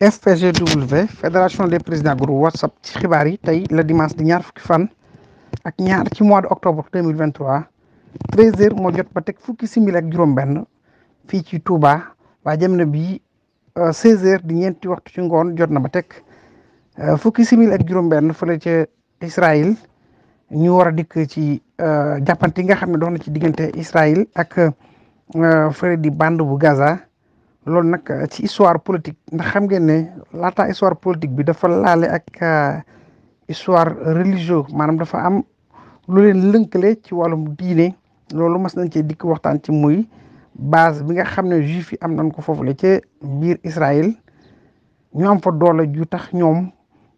FPGW fédération des président groupe whatsapp ci xibaar yi tey la dimanche di ñaar fukki fan ak ñaar ci mois de octobre deux mille vingt trois moo jot ba teg fukki simili ak juróom-benn fii ci Touba waa jëm na bii euh, seize heures di ñeenti waxtu ci ngoon jot na ba teg euh, fukki simili ak juróom-benn fële ca Israël ñu war a dikk ci euh, jàppante yi nga xam ne dox na ci diggante Israël ak fële di bande bu Gaza. loolu nag eh, ci histoire politique ndax xam ngeen ne laataa histoire politique bi dafa laale ak eh, histoire religieux maanaam dafa am lu leen lënkale ci wàllum diine loolu mas nañ cee dikk waxtaan ci muy base bi nga xam ne juif yi am nañ ko le ci biir Israël ñu am fa doole ju tax ñoom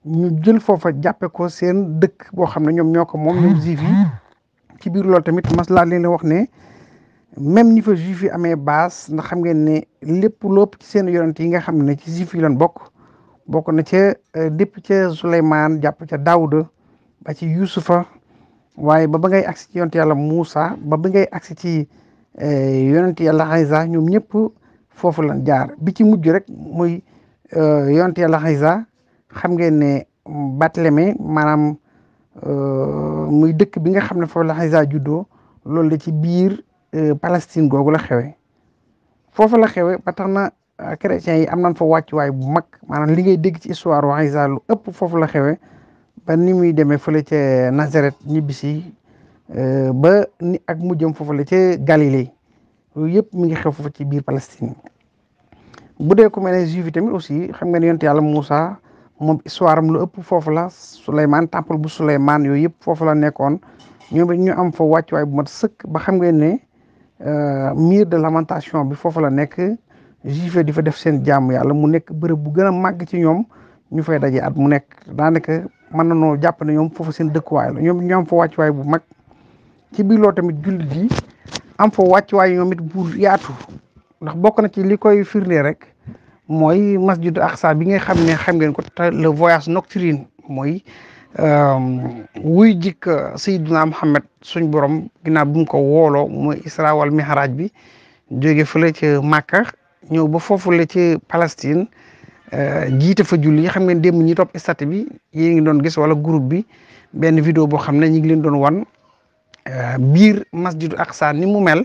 ñu jël foofa jàppe ko seen dëkk boo xam ne ñoom ñoo ko moom ñoom juif yi ci biir loolu tamit mas laa leen wax ne même ni fa juif yi amee base ndax xam ngeen ne lépp lépp seen yonent yi nga xam ne ci juif yi lan bokk bokk na ca dépp euh, ca Souleymane jàpp ca Daawuda ba ci Yusufa waaye ba ba ngay agsi ci yonent yàlla Moussa ba ba ngay agsi ci euh, yonent yàlla Aysa ñoom ñëpp foofu lan jaar bi ci mujj rek muy euh, yonent yàlla Aysa xam ngeen ne Batleme maanaam muy dëkk bi nga xam ne foofu la Aysa juddoo loolu la ci biir Euh, Palestine googu la xewe foofu la xewe ba tax na euh, chrétiens yi am na fa wàccuwaay bu mag maanaam li ngay dégg ci histoire waa lu ëpp foofu la xewe ba ni muy demee fële ca Nazareth ñibbisi euh, ba ni ak mujjëm foofu la ca Galilée yooyu yëpp mu ngi xew foofu ci biir Palestine bu dee ku mel ne juif yi tamit aussi xam nga ne yonent yàlla Moussa moom histoire am lu ëpp foofu la Souleymane temple bu Souleymane yooyu yëpp foofu la nekkoon ñoom ñu am fa wàccuwaay bu mat sëkk ba xam ngeen Euh, mur de lamentation bi foofu la nekk juifs di fa def seen jàmm yàlla mu nekk bërëb bu gën a màgg ci ñoom ñu fay daje at mu nekk daanaka mën na noo jàpp ne ñoom foofu seen dëkkuwaay la ñoom ñoom fa wàccuwaay bu mag ci biir loolu tamit jullit yi am fa wàccuwaay ñoom it bu yaatu ndax bokk na ci li koy firnde rek mooy masjid Aqsa bi nga xam ne xam ngeen ko le voyage nocturne mooy Ehm, wuy jikk Sayyiduna Muhammad suñ borom ginnaaw bu mu ko wooloo muy Isra wal Mihraj bi jóge fële ci Màkka ñëw ba foofu la ci Palestine eh, jiite fa julli yi xam ne démb ñi topp bi yéen ngi doon gis wala groupe bi benn vidéo boo xam ne ñu ngi leen doon wan eh, biir ak Aqsa ni mu mel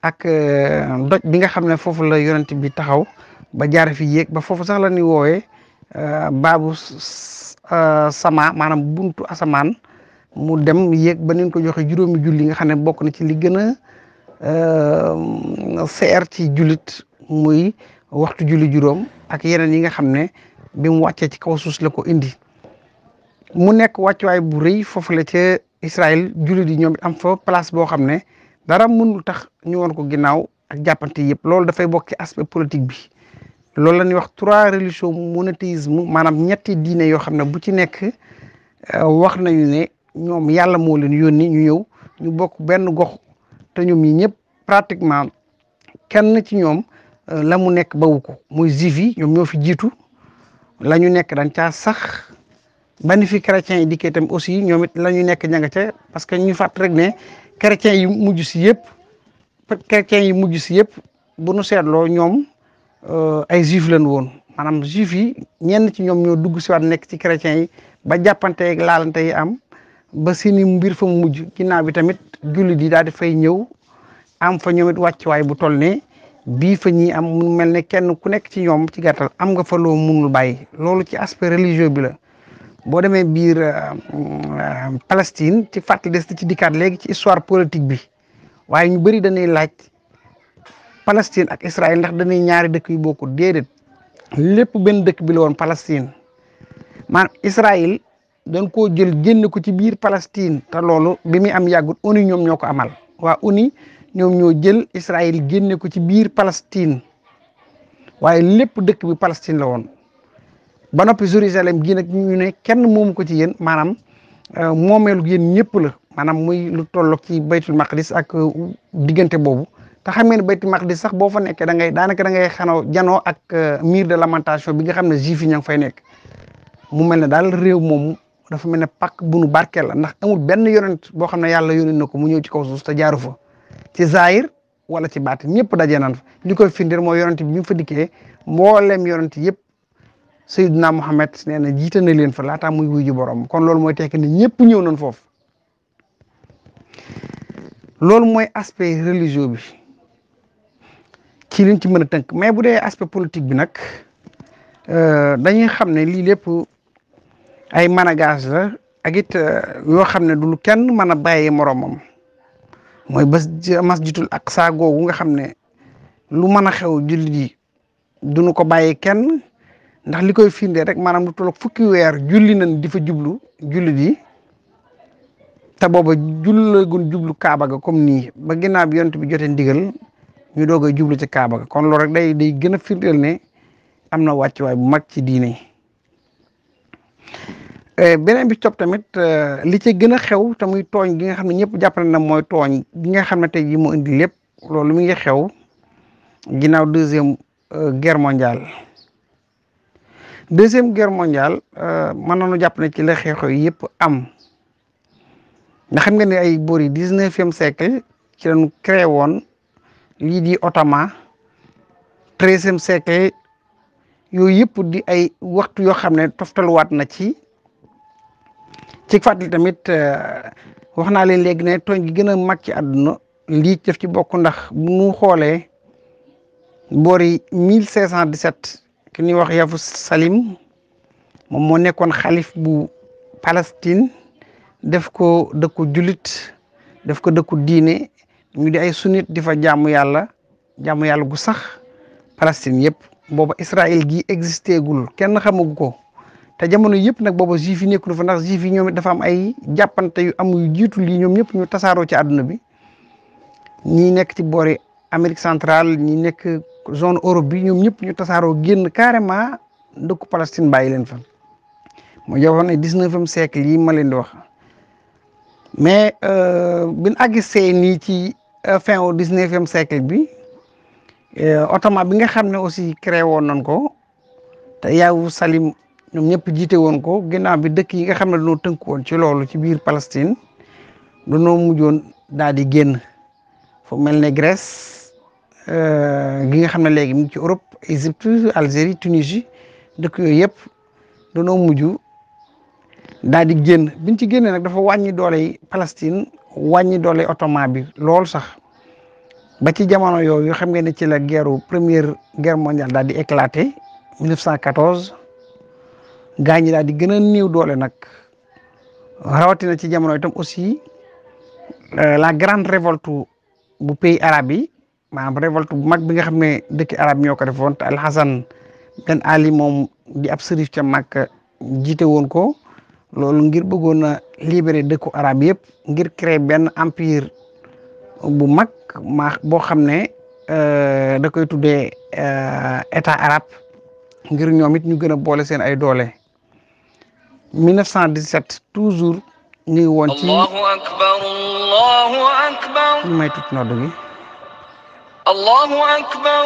ak eh, doj bi nga xam ne foofu la yonent bi taxaw ba jaar fi yéeg ba foofu sax la ñuy baabu Euh, sama maanaam buntu asamaan mu dem yéeg ba nañ ko joxe juróomi julli nga xam ne bokk na ci li gën a euh, seer ci jullit muy waxtu julli juróom ak yeneen yi nga xam ne bi mu wàccee ci kaw suus la ko indi mu nekk wàccuwaay bu rëy foofu la ca Israël jullit yi ñoom am fo place boo xam ne dara mënul tax ñu woon ko ginnaaw ak jàppante yëpp loolu dafay bokk ci aspect politique bi loolu la ñuy wax trois religions monothéisme maanaam ñetti diine yoo xam ne bu ci nekk euh, wax nañu ne ñoom yàlla moo leen yónni ñu ñëw ñu bokk benn gox te ñoom ñi ñëpp pratiquement kenn ci ñoom euh, la mu nekk bawu ko muy juif ñoom ñoo fi jiitu la ñu nekk dañ caa sax ba fi chrétiens yi dikkee itam aussi ñoom it la ñu nekk ña nga ca parce que ñu fàtt rek ne chrétiens yi mujj si yëpp chrétiens yi mujj si yëpp bu nu seetloo ñoom. Euh, ay juif lañ woon maanaam juif yi ñenn ci ñoom ñoo dugg si waat nekk ci chrétiens yi ba jàppante ak laalante yi am ba sini mbir fa mu mujj ginnaaw bi tamit jullit yi daal di fay ñëw am fa ñoom it wàccuwaay bu toll ne bii fa ñii am mu mel ne kenn ku nekk ci ñoom ci gàttal am nga fa loo munul bàyyi loolu ci aspect religieux bi la boo demee biir euh, euh, Palestine ci fàttali des ci dikkaat léegi ci histoire politique bi waaye ñu bëri dañuy laaj Palestine ak Israël ndax dañuy ñaari dëkk yu bokkul déedéet lépp benn dëkk bi la woon Palestine maanaam Israël dañ ko jël génn ko ci biir Palestine te loolu bi muy am yàggut ONU ñoom ñoo ko amal waa ONU ñoom ñoo jël Israël génne ko ci biir Palestine waaye lépp dëkk bi Palestine la woon ba noppi Jérusalem gi nag ñu ne kenn moomu ko ci yéen maanaam euh, moomeelu yéen ñëpp la maanaam muy lu tolloog ci baytul maqdis ak euh, diggante boobu te xam ngeen bayti maqdis sax boo fa nekkee da ngay daanaka da ngay xanoo janoo ak euh, miir de lamentation bi nga xam ne juif yi ña ngi fay nekk mu mel ne daal réew moomu dafa mel ne pàkk bu nu barkeel la ndax amul benn yonent boo xam ne yàlla yónni na ko mu ñëw ci kaw suuf te jaaru fa ci zaahir wala ci baat ñëpp daje nan li koy firndeel moo yonent bi mu fa dikkee mbooleem yonent yëpp Sayyidina Muhammad nee na jiite na leen fa laataa muy wuyu ji borom kon loolu mooy tekki ne ñëpp ñëw nañ foofu loolu mooy aspect religieux bi. ci liñ ci mën a tënk mais bu dee aspect politique bi nag euh, dañuy xam ne lii lépp ay managage la ak it euh, yoo xam ne du lu kenn mën a bàyyee moromam mooy bés ak aqsa googu nga xam ne lu mën a xew jullit yi duñu ko bàyyee kenn ndax li koy firndee rek maanaam lu tolloog fukki weer julli na di jublu julli yi te booba jullagun jublu kaaba ga comme nii ba ginnaaw bi yonent bi jotee ndigal ñu doog a jublu ci kaaba ga kon loolu rek day day gën a firndeel ne am na wàccuwaay bu mag ci diine eh, beneen bi topp tamit eh, li ci gën a xew te muy tooñ gi nga xam ne ñëpp jàpp na mooy tooñ gi nga xam ne tey jii mu indi lépp loolu mi ngi xew ginnaaw deuxième eh, guerre mondiale deuxième guerre mondiale mën nañu jàpp ne ci la xew yëpp am nga xam nga ne ay boori dix-neuvième siècle ci lañu créé woon lii di Ottoman treizième siècle yooyu yëpp di ay waxtu yoo xam ne toftaluwaat na ci ci fàttali tamit euh, wax naa leen léegi ne tooñ gi gën a mag ci àdduna lii def ci bokk ndax bu ñu xoolee boori mille cinq cent ki ñuy wax Yafu Salim moom moo nekkoon xalif bu Palestine def ko dëkku julit def ko dëkku diine ñu di ay sunnit di fa jàmm yàlla jàmm yàlla gu sax Palestine yëpp booba Israël gi existe gul kenn xamagu ko te jamono yëpp nag booba juif yi nekkul fa ndax juif ñoom dafa am ay jàppante yu am jiitu lii ñoom ñëpp ñu tasaaroo ci àdduna bi ñi nekk ci boori Amérique centrale ñi nekk zone Europe bi ñoom ñëpp ñu tasaaroo génn carrément ndëkku Palestine bàyyi leen fa moo joxoon ne dix-neuvième siècle yi ma leen di wax mais euh, bin àgg see ci Euh, fin au dix-neuvième siècle bi ottoman euh, bi nga xam ne aussi créé woon nañ ko te yaawu Salim ñoom ñëpp jiite woon ko ginnaaw bi dëkk yi nga xam ne dañoo tënk woon ci loolu ci biir Palestine dañoo mujjoon daal di génn fo mel ne Grèce euh, gi nga xam ne léegi mu ci Europe Égypte Algérie Tunisie dëkk yooyu yëpp dañoo mujj daal di génn biñ ci génnee nag dafa wàññi doole yi Palestine wàññi doole ottoman bi lool sax ba ci jamono yooyu xam ngeen ne ci la guerre première guerre mondiale daal di éclaté 1914 gaañ ñi daal di gën a néew doole nag rawatina ci jamono itam aussi euh, la grande révolte bu pays arabe yi maanaam révolte bu mag bi nga xam ne dëkk arabe ñoo ko defoon te Al Hassan Ali moom di ab sërif ca mag jiite woon ko. loolu ngir bëggoon a libérer dëkku arab yëpp ngir créer benn empire bu mag ma boo xam ne euh, da koy tudde euh, état arabe ngir ñoom it ñu gën a boole seen ay doole 1917 toujours ñu ngi woon ci allahu akbar allahu akbar allahu akbar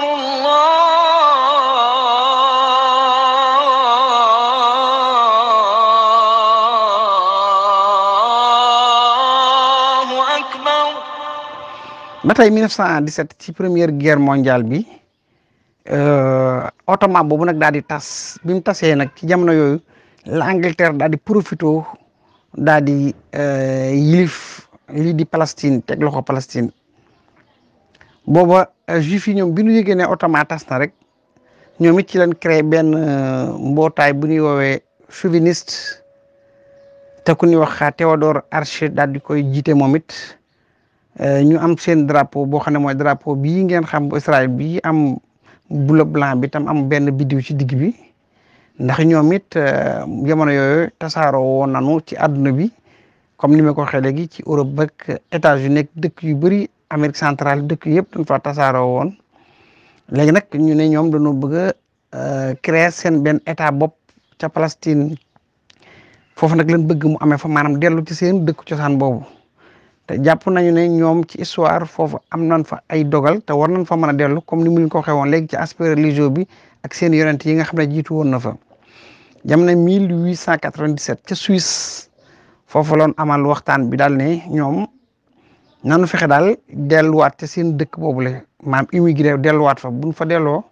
ba tey 1917 ci première guerre mondiale bi euh, Ottoman boobu nag daal di tas bi mu tasee nag ci jamono yooyu la Angleterre daal di profito daal di euh, yilif di Palestine teg loxo Palestine booba euh, juif yi ñoom bi ñu yëgee ne Ottoman tas na rek ñoom it ci leen créé benn mbootaay bu ñuy woowee chauviniste te ku ñuy wax Théodore Archer daal di koy jiite moom it. ñu am seen drapeau boo xam ne mooy drapeau bii ngeen xam bu Israël bii am bleu blanc bi tam am benn biddiw ci digg bi ndax ñoom it euh, jamono yooyu tasaaroo woon nanu ci àdduna bi comme ni ma ko waxee léegi ci Europe ak États-Unis ak dëkk yu bari Amérique centrale dëkk yëpp dañ fa tasaaroo woon léegi nag ñu ne ñoom dañoo bëgg a euh, créer seen benn état bopp ca Palestine foofu nag lañ bëgg mu amee fa maanaam dellu ci seen dëkk cosaan boobu. te jàpp nañu ne ñoom ci histoire foofu am nan fa ay dogal te war nañ fa mën a dellu comme ni mu ko waxee woon léegi ci aspect religieux bi ak seen yonent yi nga xam ne jiitu woon na fa jamono 1897 ca Suisse foofu loon amal waxtaan bi daal ne ñoom nanu fexe daal delluwaat te seen dëkk boobule maam immigré delluwaat fa buñ fa delloo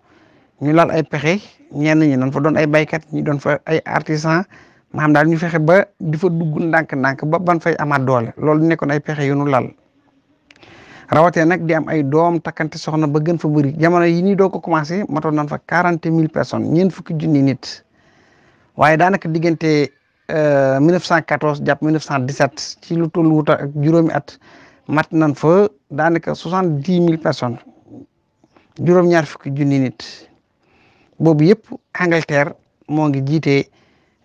ñu laal ay pexe ñenn ñi nan fa doon ay baykat ñi doon fa ay artisan maam daal ñu fexe ba di fa dugg ndànk-ndànk ba ban fay amaat doole loolu nekkoon ay pexe yu laal lal rawatee nag di am ay doom takkante soxna ba gën fa bëri jamono yi nii doo ko commencé matoon nañ fa quarante mille personnes ñeent fukki junni nit waaye daanaka diggante 1914 euh, jàpp 1917 ci lu toll wuta ak juróomi at mat nañ fa daanaka soixante dix mille personnes juróom-ñaar fukki junni nit boobu yëpp Angleterre moo ngi jiite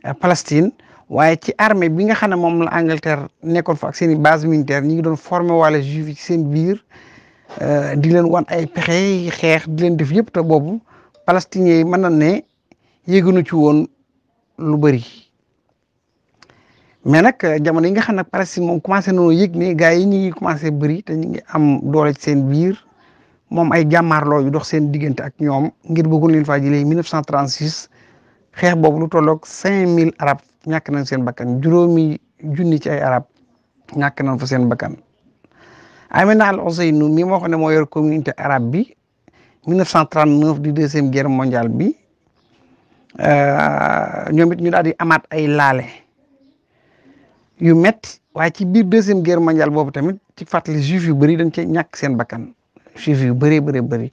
Eh, Palestine waaye ci armée bi nga xam ne moom la Angleterre nekkoon fa ak seen i base militaire ñi ngi doon formé wala juif yi seen biir eh, di leen wan ay pexe xeex di leen def yëpp te boobu palestiniens yi mën na ne yéegunu ci woon lu bëri mais nag eh, jamono yi nga xam ne Palestine moom commencé nañoo yëg ne gars yi ñu ngi commencé bëri te ñu ngi am doole seen biir moom ay jàmmaarloo yu dox seen diggante ak ñoom ngir bëggoon leen faa jëlee 1936 xeex boobu lu tolloog cinq mille arab ñàkk nañ seen bakkan juróomi junni ci ay arab ñàkk nañ fa seen bakkan Amina Al Ousseynou mi moo xam ne moo yor communauté arabe bi 1939 di deuxième guerre mondiale bi euh, ñoom it ñu daal di amaat ay laale yu métti waaye ci biir deuxième guerre mondiale boobu tamit ci fàttali juif yu bëri dañ cee ñàkk seen bakkan juif yu bëree bëri bëri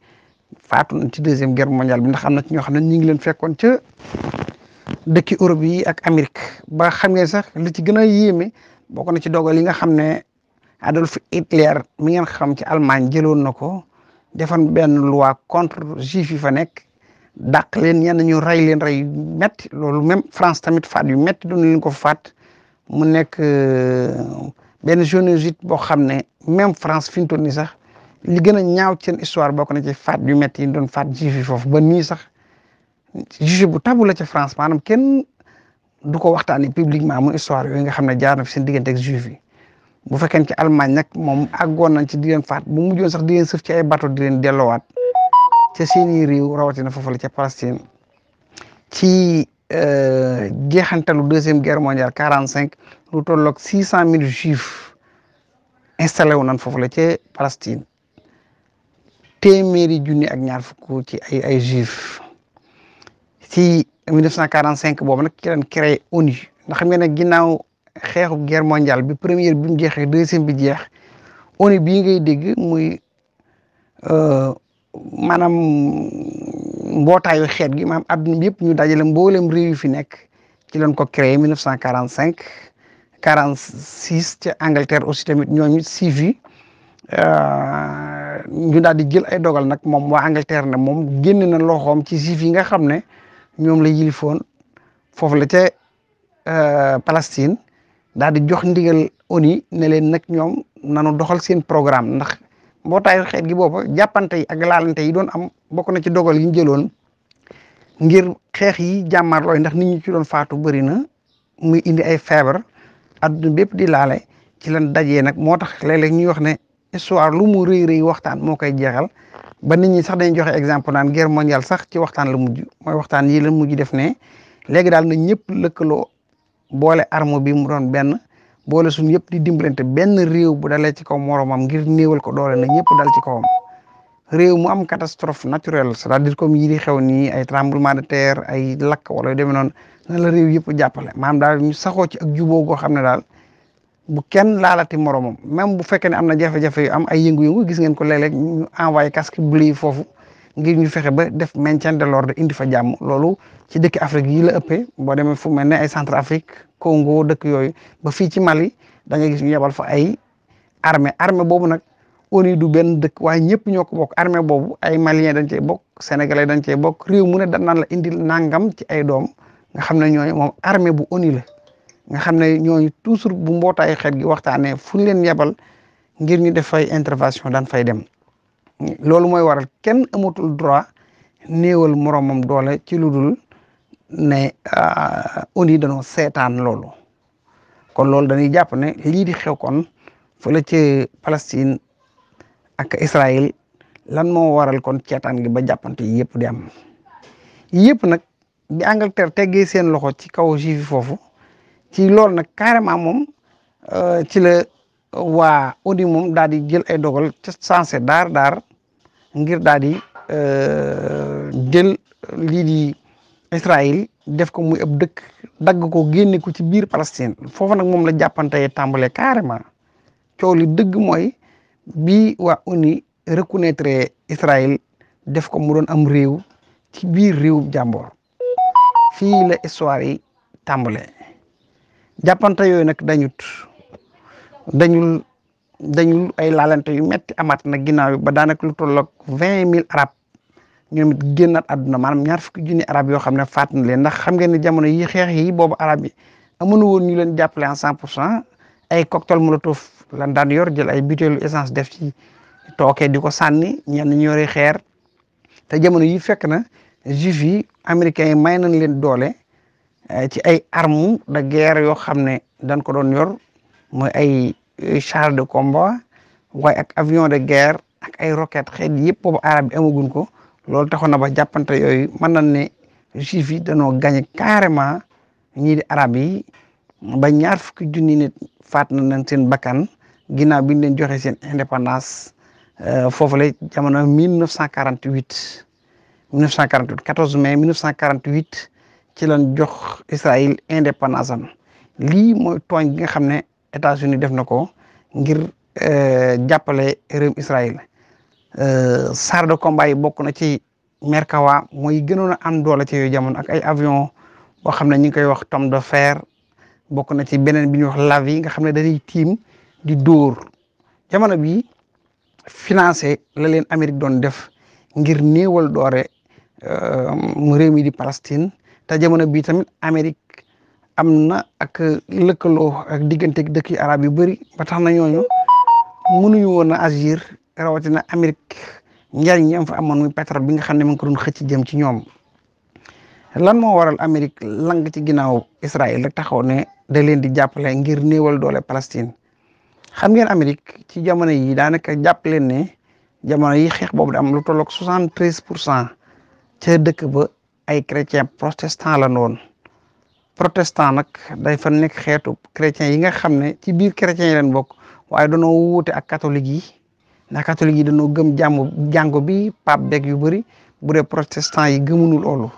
faatu nañ ci deuxième guerre mondiale bi ndax am na ci ñoo xam ne ñu ngi leen fekkoon ca dëkki Europe yi ak Amérique ba xam ngeen sax li ci gën a yéeme bokk na ci dogal yi nga xam ne Adolf Hitler mi ngeen xam ci Allemagne jëloon na ko defoon benn loi contre juif yi fa nekk dàq leen ñenn ñu rey leen rey yu métti loolu même France tamit faat yu métti doon leen ko faat mu nekk euh, benn génocide boo xam ne même France fi mu toll nii sax. li gën a ñaaw seen histoire bokk na ci faat yu métti yi doon faat juif foofu ba nii sax juif bu tabu la ci France maanaam kenn du ko waxtaanee publiquement mu histoire yooyu nga xam ne jaar fi seen diggante ak bu fekkee ci Allemagne moom àggoon nañ ci di faat bu mujjoon sax di leen sëf ci ay bateau di leen delloowaat ca seeni réew rawatina foofu la ca Palestine ci euh, jeexantalu deuxième guerre mondiale quarante cinq lu tolloog six cent mille juifs installé wu nan foofu la ca Palestine. téeméeri junni ak ñaar fukk ci ay ay juif si 1945 boobu nag ci leen créé ONU ndax xam nga ne ginnaaw xeexu guerre mondiale bi première bi mu jeexee deuxième bi jeex ONU bi ngay dégg muy euh, maanaam mbootaayu xeet gi maam àdduna bi yëpp ñu dajale mboolem réew yi fi nekk ci leen ko créé 1945 46 ca Angleterre aussi tamit ñooñu suivi. Euh, ñu daal di jël ay dogal nag moom waa Angleterre ne moom génn na loxoom ci juif yi nga xam ne ñoom la yilifoon foofu la ca euh, Palestine daal di jox ndigal ONU ne leen nag ñoom nanu doxal seen programme ndax mbootaayu xeet gi booba jàppante yi ak laalante yi doon am bokk na ci dogal yi ñu jëloon ngir xeex yi jàmmarlooy ndax ni ñu ci doon faatu bëri na muy indi ay feebar adduna bépp di laale ci lan dajee nag moo tax léeg-léeg ñuy ne histoire lu mu rëy rëy waxtaan moo koy jeexal ba nit ñi sax dañ joxe exemple naan guerre mondiale sax ci waxtaan la mujj mooy waxtaan yi la mujj def ne léegi daal na ñëpp lëkkaloo boole arme bi mu doon benn boole suñu yëpp di dimbalante benn réew bu dalee ci kaw moromam ngir néewal ko doole na ñëpp dal ci kawam réew mu am catastrophe naturelle c'est-à-dire comme yi di xew nii ay tremblement de terre ay lakk wala yu demee noonu na la réew yëpp jàppale maanaam daal ñu saxoo ci ak jubóo goo xam ne daal bu kenn laalati moromam même bu fekkee ne am na jafe-jafe yu am ay yëngu-yëngu gis ngeen ko léeg-léeg ñu envoyé casque bleu foofu ngir ñu fexe ba def maintien de l'ordre indi fa jàmm loolu ci dëkk Afrique yi la ëppee boo demee fu mel ne ay Centrafrique Congo dëkk yooyu ba fii ci Mali da ngay gis ñu yebal fa ay armée armée boobu nag ONU du benn dëkk waaye ñëpp ñoo ko bokk armée boobu ay Maliens dañ cey bokk Sénégalais dañ cey bokk réew mu ne dañ naan la indil nangam ci ay doom nga xam ne ñooy moom armée bu ONU la. nga xam ne ñooñu toujours bu mbootaayu xeet gi waxtaanee fu ñu leen yebal ngir ñu def fay intervention daan fay dem loolu mooy waral kenn amatul droit néewal moromam doole ci lu dul ne euh, oni danoo seetaan loolu kon loolu dañuy jàpp ne lii di xew kon fële ci Palestine ak Israël lan moo waral kon ceetaan gi ba jàppante yëpp di am yëpp nag bi Angleterre teggee seen loxo ci kaw juif foofu. ci loolu nag carrément moom euh, ci la waa audi moom daal di jël ay dogal ca sensé daar daar ngir daal euh, jël lii di Israël def ko mu ab dëkk dagg ko génne ko ci biir Palestine foofa nag moom la jàppantee tàmbalee carrément coow li dëgg mooy bi waa uni reconnaître Israël def ko mu doon am réew ci biir réew jàmboor fii la histoire yi tàmbalee jàppante yooyu nag dañut dañul dañul ay laalante yu metti amaat na ginnaaw yu ba daanaka lu tolloog vingt mille arab ñoom it génnaat àdduna maanaam ñaar fukki junni arab yoo xam ne faat na leen ndax xam ngeen ne jamono yi xeex yi boobu arab yi amuñu woon ñu leen jàppale cent pour cent ay cocktail molotov lan daan yor jël ay butéelu essence def ci tooke di ko sànni ñenn ñu yore xeer te jamono yi fekk na juif yi américains may nañ leen doole Eh, ci ay armes de guerre yoo xam ne dañ ko doon yor mooy ay char de combat waaye ak avion de guerre ak ay roquettes xeet yëpp boobu arab bi amaguñ ko loolu taxoon na ba jàppante yooyu mën nañ ne juif yi dañoo gagné carrément ñii di arab yi ba ñaar fukki junni nit faat na nañ seen bakkan ginnaaw bi ñu leen joxe seen indépendance eh, foofule jamono 1948 1948 14 mai 1948. ci lan jox Israël indépendance am lii mooy tooñ gi nga xam ne États-Unis def na ko ngir euh, jàppale réewum Israël euh, chars de combay bokk na ci Merkawa mooy gënoon a am doole ci yooyu jamono ak ay avion boo xam ne ñu ngi koy wax tom de fer bokk na ci beneen bi ñuy wax lavi yi nga xam ne dañuy tiim di dóor jamono bi financé la leen Amérique doon def ngir néewal doore euh, réew mi di Palestine te jamono bii tamit Amérique am na ak lëkkaloo ak diggante dëkk yu arab yu bëri ba tax na ñooñu mënuñu woon a agir rawatina Amérique njariñ ñam fa amoon muy pétrole bi nga xam ne mu ngi ko xëcc jëm ci ñoom lan moo waral Amérique lang ci ginnaaw Israël la taxaw ne da leen di jàppale ngir néewal doole Palestine xam ngeen Amérique ci jamono yi daanaka jàpp leen ne jamono yi xeex boobu daam am lu tolloog soixante treize pour cent ce dëkk ba ay chrétien protestant la noonu protestant nag day fa nekk xeetu chrétien yi nga xam ne ci biir chrétien yi leen bokk waaye danoo wuute ak catholique yi ndax catholique yi danoo gëm jàmm jàngo bi pape beeg yu bëri bu dee protestant yi gëmuñu loolu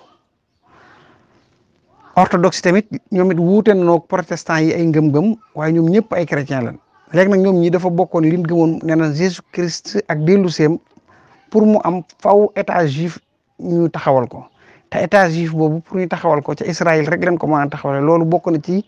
orthodoxe tamit ñoom it wuute nañoo protestant yi ay ngëm-ngëm waaye ñoom ñëpp ay chrétien lañ léegi nag ñoom ñi dafa bokkoon liñ gëmoon nee na Jésus Christ ak dellu seem pour mu am faw état juif ñu taxawal ko état juif boobu pour ñu taxawal ko ca Israël rek leen ko mën loolu bokk na ci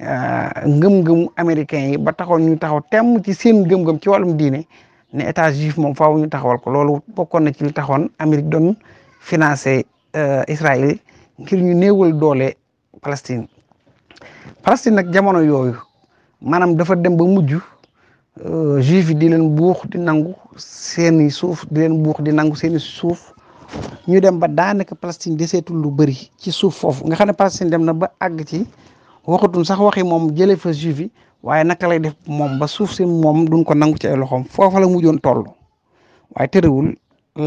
euh, ngëm-ngëmu américains yi ba taxoon ñu taxaw temm ci seen ngëm ci wàllum diine ne état juif moom faaw ñu taxawal ko loolu bokkoon na ci li taxoon Amérique doon financé euh, Israël ngir ñu néewal doole Palestine Palestine nag jamono yooyu maanaam dafa dem ba mujj euh, juif yi di leen buux di nangu seeni suuf di leen buux di nangu seeni suuf ñu dem ba daanaka Palestine deseetul lu bari ci suuf foofu nga xam ne Palestine dem na ba àgg ci waxatul sax waxi moom jëlee fa juif yi lay def moom ba suuf si moom duñ ko nangu ci ay loxoom foofa la mujjoon toll waaye tërëwul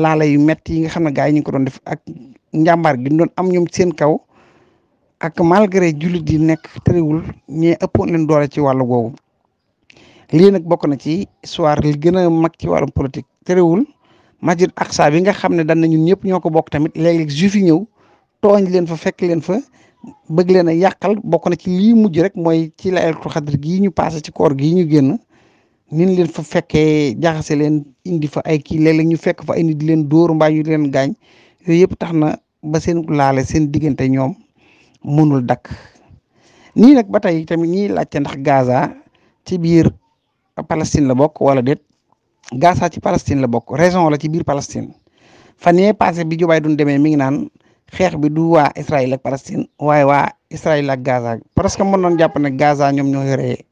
laala yu metti yi nga xam ne gars yi ko doon def ak njàmbaar gi doon am ñoom seen kaw ak malgré jullit yi nekk tërëwul ñee ëpp leen doole ci wàllu googu lii nag bokk na ci histoire li gën a mag ci wàllum politique tërëwul. masjid Aqsa bi nga xam ne dan na ñun ñëpp ñoo ko bokk tamit léeg-léeg juif ñëw tooñ leen fa fekk leen fa bëgg leen a yàqal bokk na ci lii mujj rek mooy ci laylatul xadr gii ñu passé ci koor gii ñu génn nin leen fa fekkee jaxase leen indi fa ay kii léeg-léeg ñu fekk fa ay nit leen dóor mbaa ñu leen gaañ yooyu yëpp tax na ba seen laale seen diggante ñoom mënul dakk nii nag ba tey tamit ñi laajte ndax Gaza ci biir Palestine la bokk wala déet Gaza ci Palestine la bokk région la ci biir Palestine fan yee passé bi Joe Biden demee mi ngi naan xeex bi du waa Israël ak Palestine waaye waa Israël ak Gaza parce que mën noon jàpp ne Gaza ñoom ñoo yore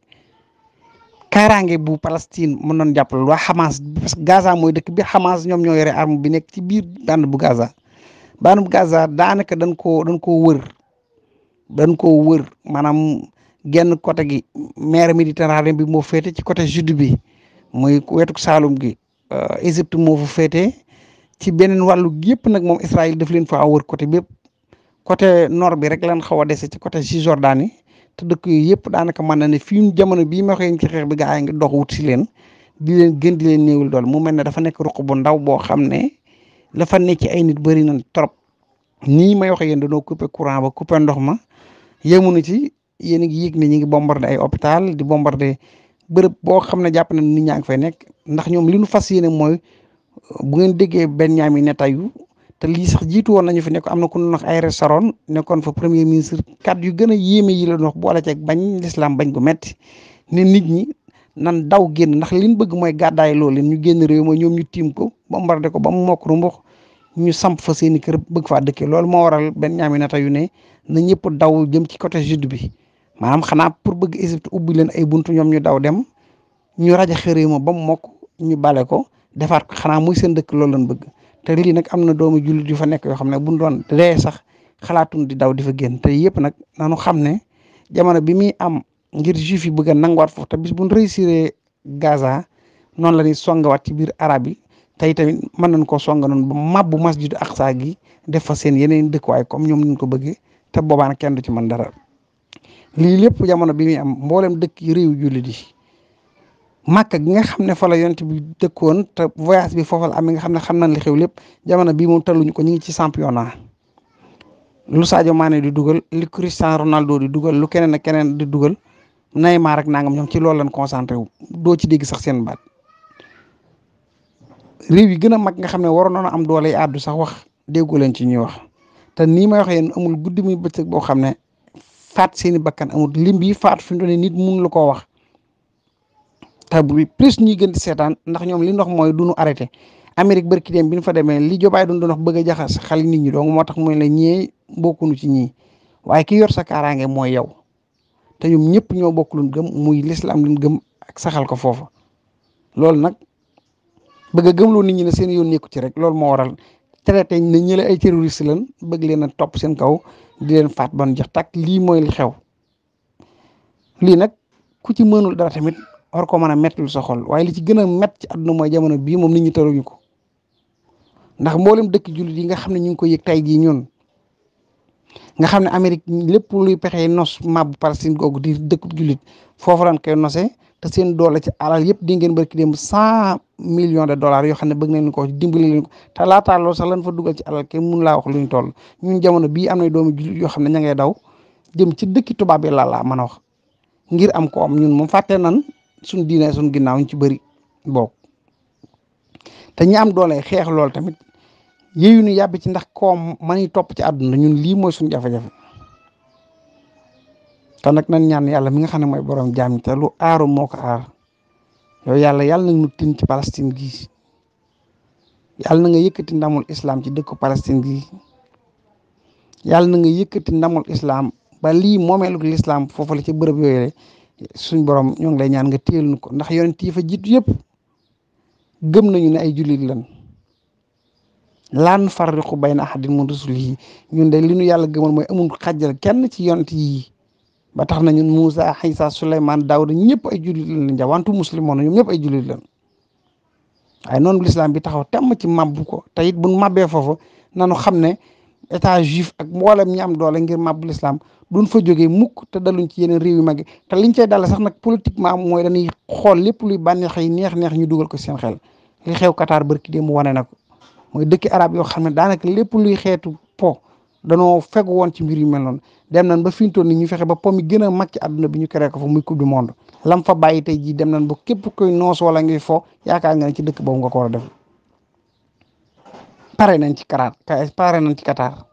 kaaraange bu Palestine mën noon jàpp waa Hamas parce que Gaza mooy dëkk bi Hamas ñoom ñoo yore arme bi nekk ci biir bande bu Gaza bande bu Gaza daanaka dañ koo dañ koo wër dañ koo wër maanaam genn côté gi maire Méditerranée bi moo féete ci côté sud bi. mooy wetuk saalum gi euh, Égypte moo fu ci beneen wàllu yëpp nag moom Israël def leen faa wër côté bépp côté nord bi rek lan xaw a dese ci côté Cisjordanie te dëkk yooyu yëpp daanaka mën na ne fii mu jamono bii ma xëy ci xeex bi gaa yi ngi dox wut si leen di leen gën leen néewul dool mu mel ne dafa nekk ruq bu ndaw boo xam ne la fa nekk ci ay nit bëri nañ trop nii may wax yéen dañoo couper courant ba couper ndox ma yemunu ci yéen a ngi yëg ne ñu ngi bombarder ay hôpital di bombarder. bërëb boo xam ne jàpp na nit ñaa ngi fay nekk ndax ñoom li ñu fas yéene mooy bu ngeen déggee Benyamine Netanyahu te lii sax jiitu woon nañu fi nekk am na ku ñu ay restaurant nekkoon fa premier ministre kàddu yu gën a yéeme yi la ñu wax boole bañ lislaam bañ bu metti ne nit ñi nan daw génn ndax li ñu bëgg mooy gàddaay loolu ñu génn réew mooy ñoom ñu tiim ko bombardé ko ba mu mokk rumbox ñu samp fa seen i kër bëgg faa dëkkee loolu moo waral Benyamine Netanyahu ne na ñëpp daw jëm ci côté sud bi. maanaam xanaa pour bëgg Égypte ubbi leen ay buntu ñoom ñu daw dem ñu rajo xëree ma ba mu mokk ñu bale ko defaat xanaa muy seen dëkk loolu lañ bëgg te lii nag am na doomu jullit yu fa nekk yoo xam ne buñ doon dee sax xalaatun di daw di fa génn te yëpp nag nanu xam ne jamono bi muy am ngir juif yi bëgg a nanguwaat foofu te bis buñ réussir Gaza noonu la ñuy songawaat ci biir arab yi tey tamit mën nañ koo songa noonu ba mas masjidu Aqsa gi def fa seen yeneen dëkkuwaay comme ñoom ñu ko bëggee te boobaan kenn du ci mën dara lii lépp jamono bi muy am mboolem dëkk yi réew jullit yi màkk gi nga xam ne fa la yonent bi dëkkoon te voyage bi foofa la am nga xam ne xam nañ li xew lépp jamono bii moom taluñu ko ñu ngi ci championnat lu Sadio Mané di dugal lu Cristiano Ronaldo di dugal lu keneen ak keneen di dugal Neymar ak nangam ñoom ci loolu lañ concentré wu doo ci dégg sax seen baat réew yi gën a mag nga xam ne waroon nañoo am doole yi àddu sax wax déggu leen ci ñuy wax te nii may wax yéen amul guddi muy bëccëg boo xam ne faat seeni bakkan amul lim bi faat fi mu nit mun la koo wax te bu plus ñuy gën di seetaan ndax ñoom li ndox mooy du ñu arrêté Amérique barki dem bi ñu fa demee li Joe Biden doon wax bëgg a jaxas xel nit ñi donc moo tax mooy la ñee bokkunu ci ñi waaye ki yor sa kaaraange mooy yow te ñoom ñëpp ñoo bokk gëm muy lislaam luñ gëm ak saxal ko foofa loolu nag bëgg gëm gëmloo nit ñi ne seen yoon nekku ci rek loolu moo waral te na ñële ay terroriste lan bëgg leen a topp seen kaw di leen faat ban jeex tàkk lii mooy li xew lii nag ku ci mënul dara tamit war ko mën a mettul sa xol waaye li ci gën a mett ci àdduna mooy jamono bii moom nit ñi tëruñu ko ndax mboolem dëkk jullit yi nga xam ne ñu ngi ko yëg tay jii nga xam ne Amérique lépp luy pexe nos mabbu Palestine googu di dëkk jullit foofu lan koy nose te seen doole ci alal yëpp di ngeen barki dem cent million de dollars yoo xam ne bëgg nañ ko dimbali leen ko te laataa sax lan fa dugal ci alal kenn mun laa wax lu ñu toll ñun jamono bi am na doomu jullit yoo xam ne ña ngay daw jëm ci dëkki tubaab yi laa mën a wax ngir am ko am ñun moom fàtte nan suñ diine suñ ginnaaw ñu ci bari bokk te ñi am doole xeex lool tamit yéyu ñu yàbbi ci ndax koom mani topp ci àdduna ñun lii mooy suñu jafe-jafe nag nañ ñaan yàlla mi nga xam ne mooy borom jaam te lu aaru moo ko yow yàlla yàlla na ci Palestine gi yàlla na nga yëkkati ndamul islam ci dëkku Palestine gi yàlla na nga yëkkati ndamul islam ba lii moomeelu lislaam foofu la ci bërëb yooyu rek suñ borom ñoo ngi lay ñaan nga téyel nu ko ndax yonent yi fa jiitu yëpp gëm nañu ni ay jullit lan laan farriqu bayna ahadin min rusulihi ñun de li ñu yàlla gëmal mooy amul xajjal kenn ci yonent yi ba tax na ñun Moussa Xiisa Souleymane Daawuda ñëpp ay jullit lañ leen jawantu muslimoon ñoom ñëpp ay jullit lañ waaye noonu lislaam bi taxaw ma ci mabbu ko te it buñ mabbee foofu nanu xam ne état juif ak mboolem ñaam doole ngir mabbu lislaam duñ fa jógee mukk te daluñ ci yeneen réew yu mag yi te liñ cay dal sax nag politiquement mooy dañuy xool lépp luy bànneex yi neex-neex ñu dugal ko seen xel li xew Qatar barki mu wane na ko mooy dëkk arab yoo xam ne daanaka lépp luy xeetu po danoo fegu woon ci mbir yu mel noonu dem nañ ba fi ni toll ñu fexe ba pom yi gën a mag ci àdduna bi ñu créé ko fa muy coupe du monde lam fa bàyyi tey jii dem nañ ba képp koy noos wala ngay fo yaakaar nga ne ci dëkk boobu nga ko war pare nañ ci Qatar pare nañ ci Qatar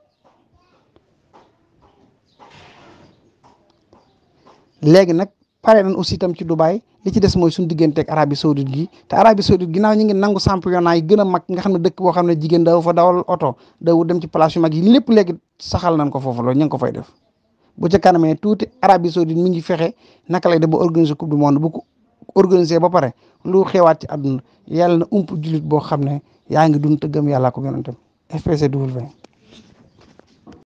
léegi nag pare nan aussi tam ci du Dubaï. li ci des mooy suñu diggante ak Arabie Saoudite gi te Arabie Saoudite ginnaaw ñu ngi nangu championnat yi gën mag nga xam ne dëkk boo xam ne jigéen daw fa dawal oto daw dem ci place yu mag yi lépp léegi saxal nañ ko foofu loolu ñu ngi ko fay def bu ca kanamee tuuti Arabie Saoudite mi ngi fexe naka lay def ba organiser coupe du monde bu ko organiser ba pare lu xewaat ci àdduna yàlla na ump jullit boo xam ne yaa ngi dund te gëm yàlla ko yonentam FPCW